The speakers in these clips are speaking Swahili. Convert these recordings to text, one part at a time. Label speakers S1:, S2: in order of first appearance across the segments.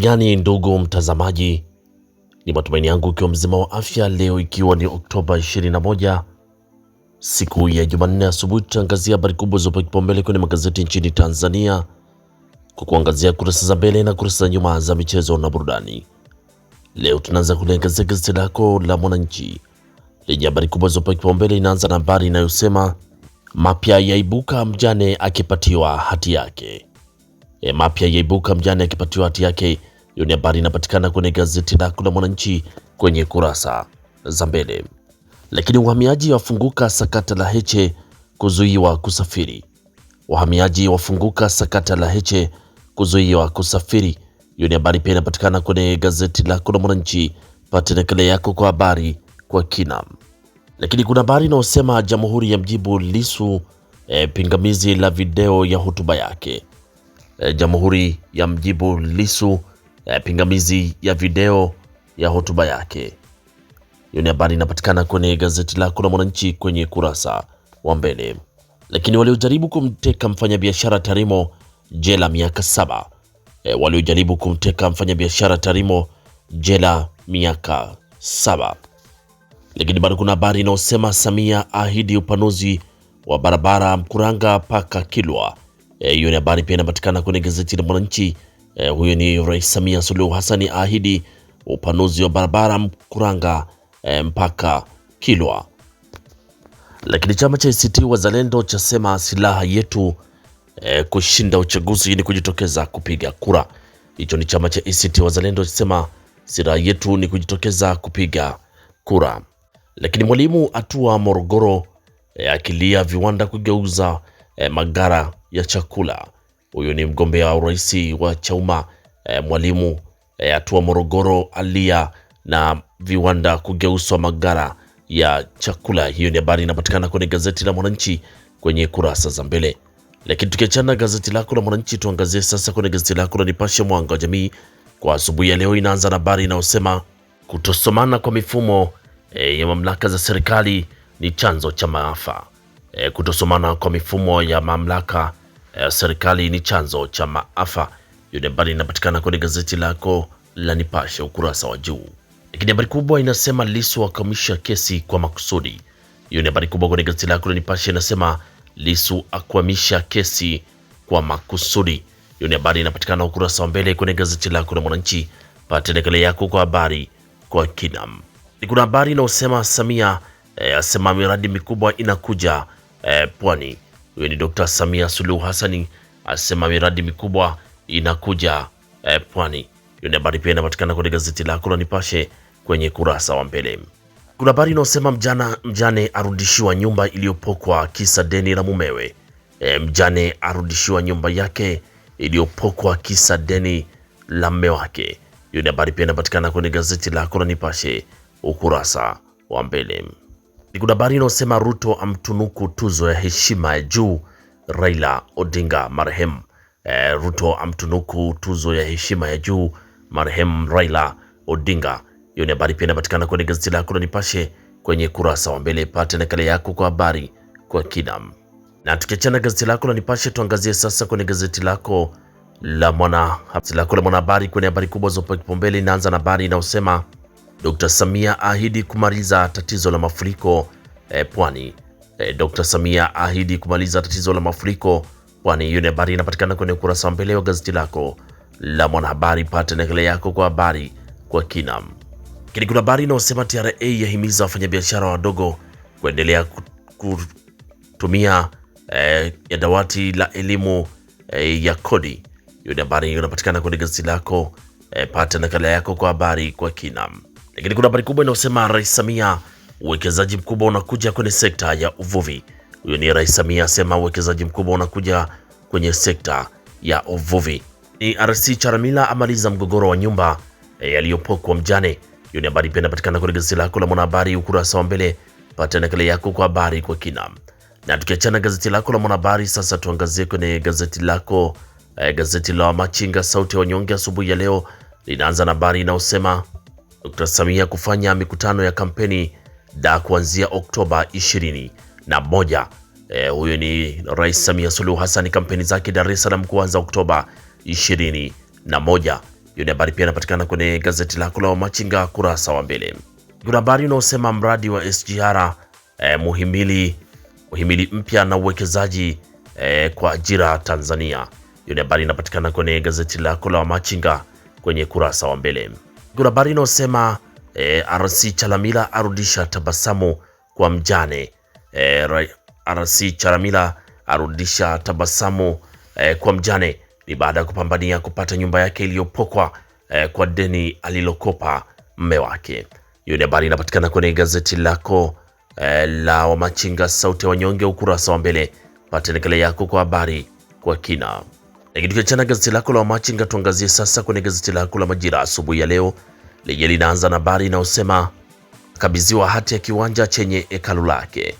S1: gani ndugu mtazamaji, ni matumaini yangu ikiwa mzima wa afya leo, ikiwa ni Oktoba 21 siku ya Jumanne asubuhi, tutaangazia habari kubwa zopa kipaumbele kwenye magazeti nchini Tanzania kwa kuangazia kurasa za mbele na kurasa za nyuma za michezo na burudani. Leo tunaanza kuliangazia gazeti lako la Mwananchi lenye habari kubwa zopa kipaumbele. Inaanza na habari inayosema mapya yaibuka, mjane akipatiwa hati yake e, mapya yaibuka, mjane akipatiwa hati yake. Hiyo ni habari inapatikana kwenye gazeti lako la Mwananchi kwenye kurasa za mbele. Lakini wahamiaji wafunguka sakata la Heche kuzuiwa kusafiri. Wahamiaji wafunguka sakata la Heche kuzuiwa kusafiri. Hiyo ni habari pia inapatikana kwenye gazeti lako la Mwananchi. Pate nakala yako kwa habari kwa kina. Lakini kuna habari inayosema Jamhuri ya mjibu Lisu e, pingamizi la video ya hotuba yake e, jamhuri ya mjibu Lisu e, eh, pingamizi ya video ya hotuba yake. Hiyo ni habari inapatikana kwenye gazeti lako la Mwananchi kwenye kurasa wa mbele. Lakini waliojaribu kumteka mfanyabiashara Tarimo jela miaka saba. E, waliojaribu kumteka mfanyabiashara Tarimo jela miaka saba. Lakini bado kuna habari inayosema Samia ahidi upanuzi wa barabara Mkuranga mpaka Kilwa. Eh, hiyo ni habari pia inapatikana kwenye gazeti la Mwananchi. E, huyo ni Rais Samia Suluhu Hassan ahidi upanuzi wa barabara Mkuranga e, mpaka Kilwa. Lakini chama cha ACT Wazalendo chasema silaha yetu e, kushinda uchaguzi ni kujitokeza kupiga kura. Hicho ni chama cha ACT Wazalendo chasema silaha yetu ni kujitokeza kupiga kura. Lakini mwalimu atua Morogoro e, akilia viwanda kugeuza e, magara ya chakula. Huyu ni mgombea wa urais wa Chauma e, eh, mwalimu e, atua Morogoro alia na viwanda kugeuswa magara ya chakula. Hiyo ni habari inapatikana kwenye gazeti la Mwananchi kwenye kurasa za mbele. Lakini tukiachana gazeti lako la Mwananchi, tuangazie sasa kwenye gazeti lako la Nipashe Mwanga wa Jamii kwa asubuhi ya leo. Inaanza na habari inayosema kutosomana kwa mifumo e, ya mamlaka za serikali ni chanzo cha maafa. E, kutosomana kwa mifumo ya mamlaka e, serikali ni chanzo cha maafa. Hiyo ni habari inapatikana kwenye gazeti lako la Nipashe ukurasa wa juu. Lakini habari kubwa inasema Lisu akamisha kesi kwa makusudi. Hiyo ni habari kubwa kwenye gazeti lako la Nipashe inasema Lisu akwamisha kesi kwa makusudi. Hiyo ni habari inapatikana ukurasa wa mbele kwenye gazeti lako la Mwananchi. Pata nakala yako kwa habari kwa kinam. Ni kuna habari inayosema Samia e, asema miradi mikubwa inakuja eh, Pwani. Huyo ni Dr. Samia Suluhu Hassani asema miradi mikubwa inakuja eh, Pwani. Hiyo ni habari pia inapatikana kwenye gazeti lako la Nipashe kwenye kurasa wa mbele. Kuna habari inayosema mjana mjane arudishiwa nyumba iliyopokwa kisa deni la mumewe. E, mjane arudishiwa nyumba yake iliyopokwa kisa deni la mme wake. Hiyo ni habari pia inapatikana kwenye gazeti lako la Nipashe ukurasa wa mbele. Ni kuna habari inayosema Ruto amtunuku tuzo ya heshima ya juu Raila Odinga marehemu. E, Ruto amtunuku tuzo ya heshima ya juu marehemu Raila Odinga. Hiyo ni habari pia inapatikana kwenye gazeti lako la Nipashe kwenye kurasa wa mbele. Pate nakala yako kwa habari kwa kinam. Na tukiachana gazeti lako la Nipashe, tuangazie sasa kwenye gazeti lako la Mwanahabari kwenye habari kubwa zopewa kipaumbele. Inaanza na habari inayosema Dr. Samia ahidi kumaliza tatizo la mafuriko eh, Pwani. Eh, Dr. Samia ahidi kumaliza tatizo la mafuriko Pwani. Hiyo ni habari inapatikana kwenye ukurasa wa mbele wa gazeti lako la Mwanahabari. Pata nakala yako kwa habari kwa kina. Lakini kuna habari inayosema TRA yahimiza wafanyabiashara wadogo kuendelea kutumia eh, ya dawati la elimu eh, ya kodi. Hiyo ni habari inapatikana kwenye gazeti lako eh, pata nakala yako kwa habari kwa kina. Lakini kuna habari kubwa inayosema Rais Samia, uwekezaji mkubwa unakuja kwenye sekta ya uvuvi. Huyo ni Rais Samia asema uwekezaji mkubwa unakuja kwenye sekta ya uvuvi. Ni RC Charamila amaliza mgogoro wa nyumba eh, yaliyopokwa mjane. Hiyo ni habari pia inapatikana kwenye gazeti lako la Mwanahabari ukurasa wa mbele. Pata nakala yako kwa habari kwa kina. Na tukiachana gazeti lako la Mwanahabari, sasa tuangazie kwenye gazeti lako eh, gazeti la Machinga sauti ya wanyonge asubuhi ya leo linaanza na habari inayosema Dkt. Samia kufanya mikutano ya kampeni da kuanzia Oktoba 21. E, huyo ni Rais Samia Suluhu Hassan, kampeni zake Dar es Salaam kuanza Oktoba 21. Hiyo ni habari pia inapatikana kwenye gazeti lako la Machinga kurasa wa mbele. Kuna habari unaosema mradi wa SGR e, muhimili, muhimili mpya na uwekezaji e, kwa ajira Tanzania. Hiyo ni habari inapatikana kwenye gazeti lako la Machinga kwenye kurasa wa mbele. Kuna habari inayosema e, eh, RC Chalamila arudisha tabasamu kwa mjane e, eh, RC Chalamila arudisha tabasamu e, kwa mjane ni baada ya kupambania kupata nyumba yake iliyopokwa e, kwa deni alilokopa mme wake. Hiyo ni habari inapatikana kwenye gazeti lako e, la Wamachinga sauti ya wanyonge ukurasa wa mbele. Pata nakala yako kwa habari kwa kina. Lakini tukiachana gazeti lako la Wamachinga, tuangazie sasa kwenye gazeti lako la Majira asubuhi ya leo lenye linaanza na habari inayosema akabidhiwa hati ya kiwanja chenye hekalu lake.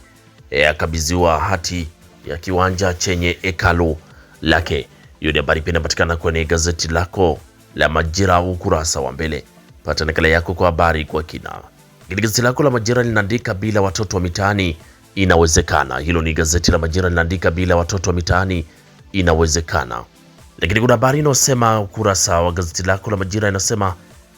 S1: E, akabidhiwa hati ya kiwanja chenye hekalu lake. Hiyo ni habari pia inapatikana kwenye gazeti lako la Majira ukurasa wa mbele. Pata nakala yako kwa habari kwa kina. Lakini gazeti lako la Majira linaandika bila watoto wa mitaani inawezekana. Hilo ni gazeti la Majira linaandika bila watoto wa mitaani inawezekana. Lakini kuna habari inayosema ukurasa wa gazeti lako la Majira inasema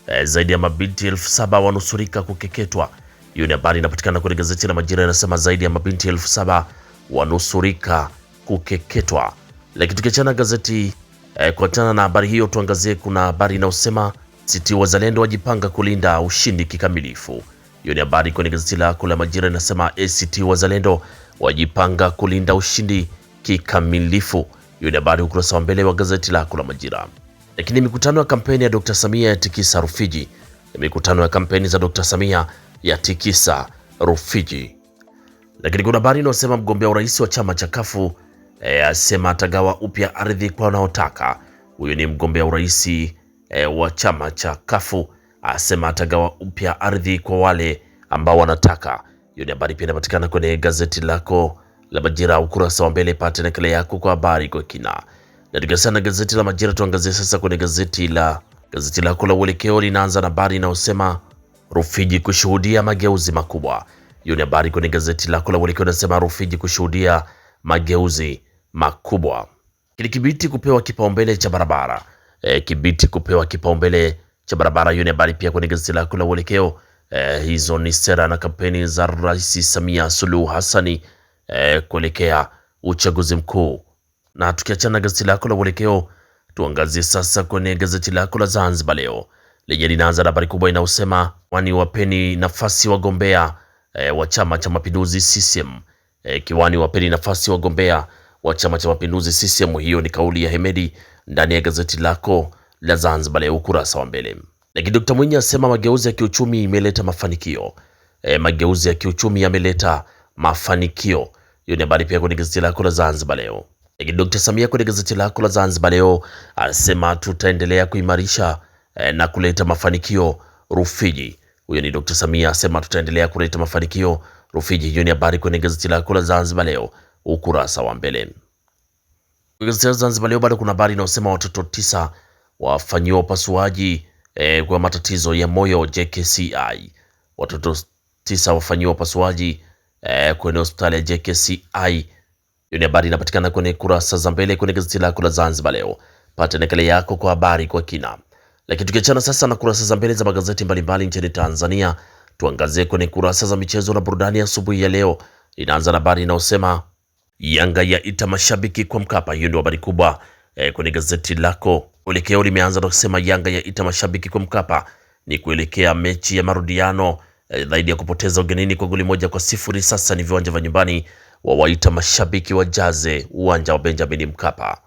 S1: eh, zaidi ya mabinti elfu saba wanusurika kukeketwa. Hiyo ni habari inapatikana kwenye gazeti la Majira inasema zaidi ya mabinti elfu saba wanusurika kukeketwa. Lakini tukiachana gazeti eh, kuachana na habari hiyo, tuangazie kuna habari inayosema ACT Wazalendo wajipanga kulinda ushindi kikamilifu. Hiyo ni habari kwenye gazeti lako la Majira inasema ACT eh, Wazalendo wajipanga kulinda ushindi kikamilifu. Hiyo ni habari ukurasa wa mbele wa gazeti lako la Majira. Lakini mikutano ya kampeni ya Dr. Samia yatikisa Rufiji. Mikutano ya kampeni za Dr. Samia yatikisa Rufiji. Lakini kuna habari inayosema mgombea urais wa chama cha Kafu e, asema atagawa upya ardhi kwa wanaotaka. Huyu ni mgombea urais e, wa chama cha Kafu asema atagawa upya ardhi kwa wale ambao wanataka. Hiyo ni habari pia inapatikana kwenye gazeti lako la Majira ukurasa wa mbele, pate nakala yako kwa habari kwa kina. Na tukisana gazeti la Majira, tuangazie sasa kwenye gazeti la gazeti lako la Uelekeo. Linaanza na habari inayosema Rufiji kushuhudia mageuzi makubwa. Hiyo ni habari kwenye gazeti lako la Uelekeo, nasema Rufiji kushuhudia mageuzi makubwa. Kile Kibiti kupewa kipaumbele cha barabara e, Kibiti kupewa kipaumbele cha barabara. Hiyo ni habari pia kwenye gazeti lako la Uelekeo. E, hizo ni sera na kampeni za Rais Samia Suluhu Hassani eh, kuelekea uchaguzi mkuu. Na tukiachana na gazeti lako la Mwelekeo, tuangazie sasa kwenye gazeti lako la Zanzibar Leo lenye linaanza na habari kubwa inayosema wani wapeni nafasi wagombea e, wa Chama cha Mapinduzi CCM. E, kiwani wapeni nafasi wagombea wa Chama cha Mapinduzi CCM. Hiyo ni kauli ya Hemedi ndani ya gazeti lako la Zanzibar Leo ukurasa wa mbele. Lakini Dkt. Mwinyi asema mageuzi ya kiuchumi imeleta mafanikio. E, mageuzi ya kiuchumi yameleta mafanikio. Hiyo ni habari pia kwenye gazeti lako la Zanzibar Leo. Lakini Dr. Samia kwenye gazeti lako la Zanzibar Leo anasema tutaendelea kuimarisha eh, na kuleta mafanikio Rufiji. Huyo ni Dr. Samia asema tutaendelea kuleta mafanikio Rufiji. Hiyo ni habari kwenye gazeti lako la Zanzibar Leo ukurasa wa mbele. Kwenye gazeti la Zanzibar Leo bado kuna habari inayosema watoto tisa wafanyiwa upasuaji eh, kwa matatizo ya moyo JKCI. Watoto tisa wafanyiwa upasuaji eh, kwenye hospitali ya JKCI. Hiyo ni habari inapatikana kwenye kurasa za mbele kwenye gazeti lako la Zanzibar Leo. Pata nakala yako kwa habari kwa kina. Lakini tukiachana sasa na kurasa za mbele za magazeti mbalimbali nchini Tanzania, tuangazie kwenye kurasa za michezo na burudani asubuhi ya, leo. Inaanza na habari inayosema Yanga yaita mashabiki kwa Mkapa. Hiyo ndio habari kubwa eh, kwenye gazeti lako Uelekeo limeanza na kusema Yanga yaita mashabiki kwa Mkapa, ni kuelekea mechi ya marudiano Eh, zaidi ya kupoteza ugenini kwa goli moja kwa sifuri, sasa ni viwanja vya nyumbani, wawaita mashabiki wajaze uwanja wa Benjamin Mkapa.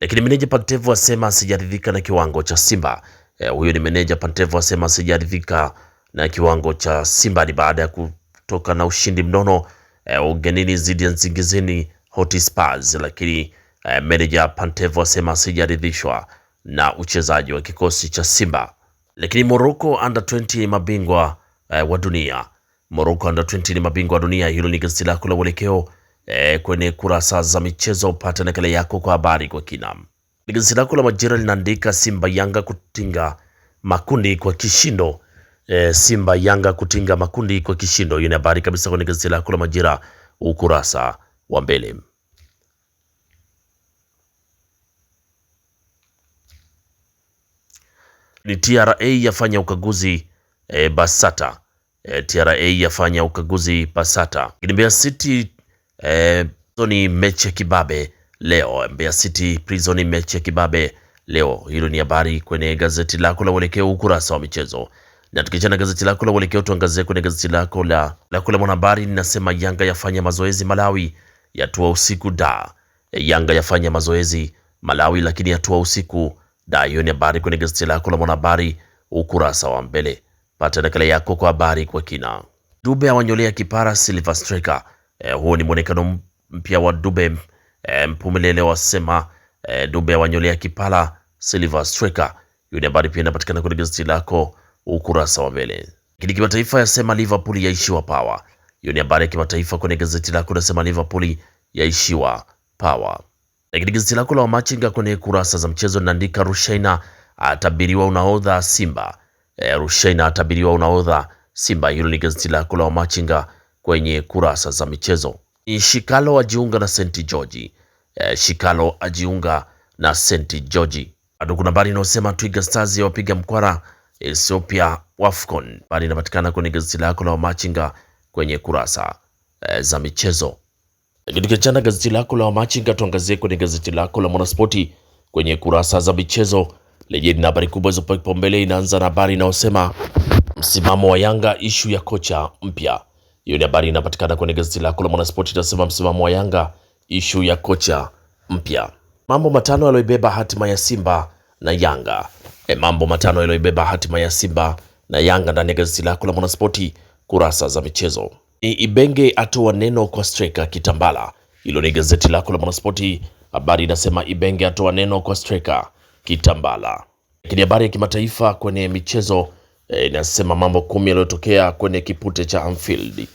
S1: Lakini meneja Pantevo asema sijaridhika na kiwango cha Simba. Eh, huyo ni meneja Pantevo asema sijaridhika na kiwango cha Simba ni baada ya kutoka na ushindi mnono eh, ugenini zidi ya Nsingizini Hot Spurs. Lakini eh, meneja Pantevo asema sijaridhishwa na uchezaji wa kikosi cha Simba. Lakini Morocco under 20 mabingwa eh, wa dunia. Morocco under 20 ni mabingwa wa dunia. Hilo ni gazeti lako la Uelekeo eh, kwenye kurasa za michezo. Upate nakala yako kwa habari kwa kina. gazeti lako la Majira linaandika Simba Yanga kutinga makundi kwa kishindo. Eh, Simba Yanga kutinga makundi kwa kishindo. Hiyo ni habari kabisa kwenye gazeti lako la Majira ukurasa wa mbele. Ni TRA yafanya ukaguzi e, BASATA e, eh, TRA yafanya ukaguzi Pasata. Lakini Mbeya City e, eh, ni mechi ya kibabe leo. Mbeya City Prison mechi ya kibabe leo. Hilo ni habari kwenye gazeti lako la Uelekeo ukurasa wa michezo. Na tukichana gazeti lako la Uelekeo tuangazie kwenye gazeti lako la lako la Mwanahabari linasema Yanga yafanya mazoezi Malawi, yatua usiku da. E, Yanga yafanya mazoezi Malawi lakini yatua usiku da. Hiyo ni habari kwenye gazeti lako la Mwanahabari ukurasa wa mbele. Pata nakala yako kwa habari kwa kina. Dube awanyolea kipara Silver Striker. E, huo ni mwonekano mpya wa Dube. E, eh, Mpumelele wasema e, eh, Dube awanyolea kipara Silver Striker. Yule habari pia inapatikana kwenye gazeti lako ukurasa wa mbele. Lakini kimataifa yasema Liverpool yaishiwa power. Hiyo ni habari ya kimataifa kwenye gazeti lako nasema Liverpool yaishiwa power. Lakini gazeti lako la Wamachinga kwenye kurasa za mchezo linaandika Rushaina atabiriwa ah, unaodha Simba. E, inatabiriwa unaodha Simba. Hilo ni gazeti lako la Machinga kwenye kurasa za michezo. Ni Shikalo ajiunga na St George. E, Shikalo ajiunga na St George. Bado kuna habari inayosema Twiga Stars ya mkwara Ethiopia Wafcon. Habari inapatikana kwenye gazeti lako la Machinga kwenye kurasa e, za michezo. E, Tukiachana gazeti lako la Machinga, tuangazie kwenye gazeti lako la Mwanaspoti kwenye kurasa za michezo Lejeni na habari kubwa zilizopewa kipaumbele inaanza na habari inayosema msimamo wa Yanga ishu ya kocha mpya. Hiyo ni habari inapatikana kwenye gazeti lako la Mwanaspoti, inasema msimamo wa Yanga ishu ya kocha mpya. Mambo matano yaliyoibeba hatima ya Simba na Yanga. E, mambo matano yaliyoibeba hatima ya Simba na Yanga ndani ya gazeti lako la Mwanaspoti kurasa za michezo. Ni e, Ibenge atoa neno kwa striker Kitambala. Hilo ni gazeti lako la Mwanaspoti, habari inasema Ibenge atoa neno kwa striker Kitambala. Lakini habari ya kimataifa kwenye michezo eh, inasema e, mambo kumi yaliyotokea kwenye kipute cha Anfield.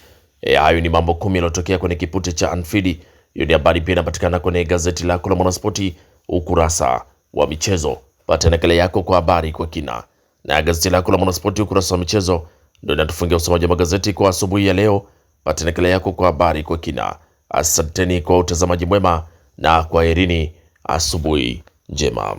S1: E, hayo ni mambo kumi yaliyotokea kwenye kipute cha Anfield. Hiyo ni habari pia inapatikana kwenye gazeti lako la Mwanaspoti ukurasa wa michezo. Pata nakala yako kwa habari kwa kina. Na gazeti lako la Mwanaspoti ukurasa wa michezo ndio inatufungia usomaji wa magazeti kwa asubuhi ya leo. Pata nakala yako kwa habari kwa kina. Asanteni kwa utazamaji mwema na kwaherini, asubuhi njema.